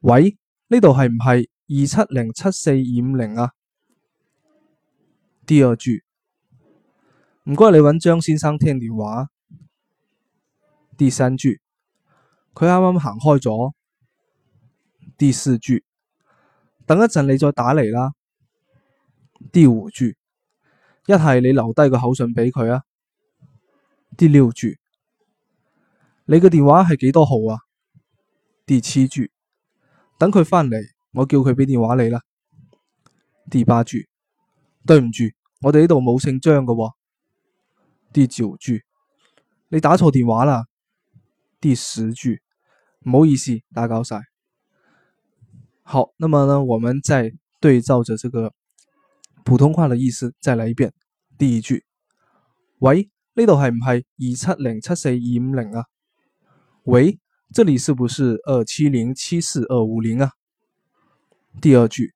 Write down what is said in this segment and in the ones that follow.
.喂，呢度係唔係二七零七四二五零啊？第二句，唔該你揾張先生聽電話。第三句，佢啱啱行開咗。第四句，等一陣，你再打嚟啦。第五句，一係你留低個口信俾佢啊。第六句，你個電話係幾多號啊？第七句。等佢翻嚟，我叫佢俾電話你啦。第八句，對唔住，我哋呢度冇姓張嘅，哦。第九句，你打錯電話啦。第十句，唔好意思，打攪晒。好，那麼呢，我們再對照着這個普通話的意思，再來一遍。第二句，喂，呢度係唔係二七零七四二五零啊，喂。這裏是不是二七零七四二五零啊？第二句，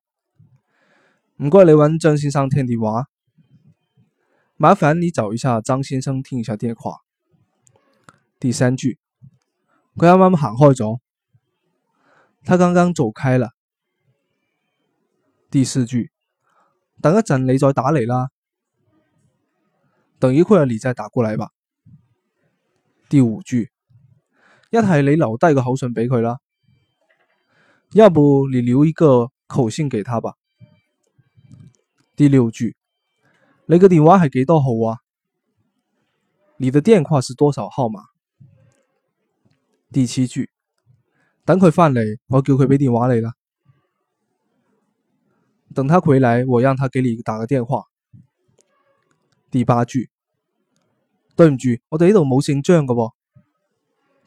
唔該你揾張先生聽電話，麻煩你找一下張先生聽一下電話。第三句，佢啱啱行開咗，他剛剛走開了。第四句，等一陣你再打嚟啦，等一會兒你再打過來吧。第五句。一係你留低個口信俾佢啦，要不你留一個口信給他吧。第六句，你個電話係幾多號啊？你的電話是多少號碼？第七句，等佢翻嚟，我叫佢俾電話你啦。等他回來，我讓他給你打個電話。第八句，對唔住，我哋呢度冇姓張嘅喎。